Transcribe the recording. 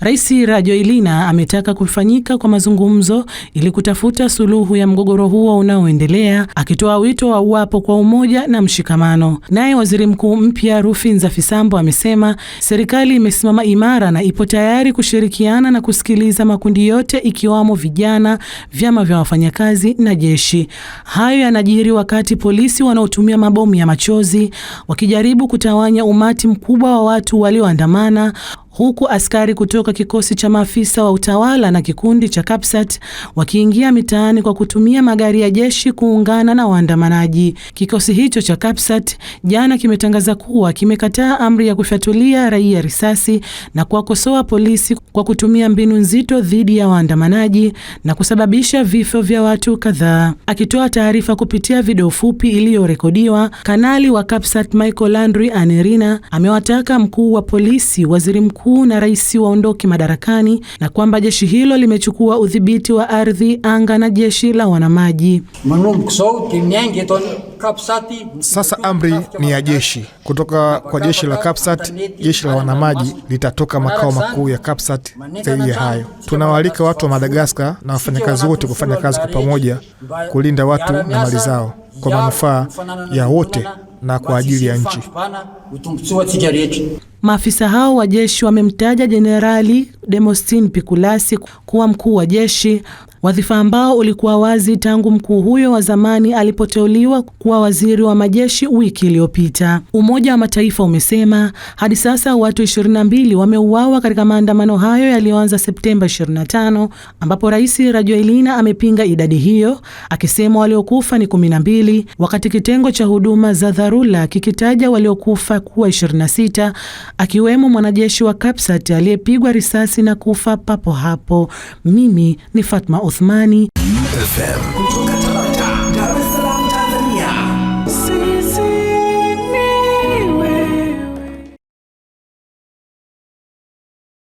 Rais Rajoelina ametaka kufanyika kwa mazungumzo ili kutafuta suluhu ya mgogoro huo unaoendelea, akitoa wito wa uwapo kwa umoja na mshikamano. Naye waziri mkuu mpya Rufin Fisambo amesema serikali imesimama imara na ipo tayari kushirikiana na kusikiliza makundi yote ikiwamo vijana, vyama vya wafanyakazi na jeshi. Hayo yanajiri wakati polisi wanaotumia mabomu ya machozi wakijaribu kutawanya umati mkubwa wa watu walioandamana huku askari kutoka kikosi cha maafisa wa utawala na kikundi cha Kapsat wakiingia mitaani kwa kutumia magari ya jeshi kuungana na waandamanaji. Kikosi hicho cha Kapsat jana kimetangaza kuwa kimekataa amri ya kufyatulia raia risasi na kuwakosoa polisi kwa kutumia mbinu nzito dhidi ya waandamanaji na kusababisha vifo vya watu kadhaa. Akitoa taarifa kupitia video fupi iliyorekodiwa, kanali wa Kapsat Michael Landry Anerina amewataka mkuu wa polisi, waziri mkuu mkuu na rais waondoke madarakani na kwamba jeshi hilo limechukua udhibiti wa ardhi, anga na jeshi la wanamaji. Sasa amri ni ya jeshi kutoka kwa jeshi la Kapsat. Jeshi la wanamaji litatoka makao makuu ya Kapsat. Zaidi ya hayo, tunawaalika watu wa Madagaskar na wafanyakazi wote kufanya kazi kwa pamoja kulinda watu na mali zao kwa manufaa ya wote na kwa ajili ya nchi. Maafisa hao wa jeshi wamemtaja Jenerali Demostin Pikulasi kuwa mkuu wa jeshi, wadhifa ambao ulikuwa wazi tangu mkuu huyo wa zamani alipoteuliwa kuwa waziri wa majeshi wiki iliyopita. Umoja wa Mataifa umesema hadi sasa watu 22 wameuawa katika maandamano hayo yaliyoanza Septemba 25, ambapo Rais Rajoelina amepinga idadi hiyo akisema waliokufa ni 12, wakati kitengo cha huduma za dharura kikitaja waliokufa kuwa 26 akiwemo mwanajeshi wa Kapsat aliyepigwa risasi na kufa papo hapo. Mimi ni Fatma uthmani FM.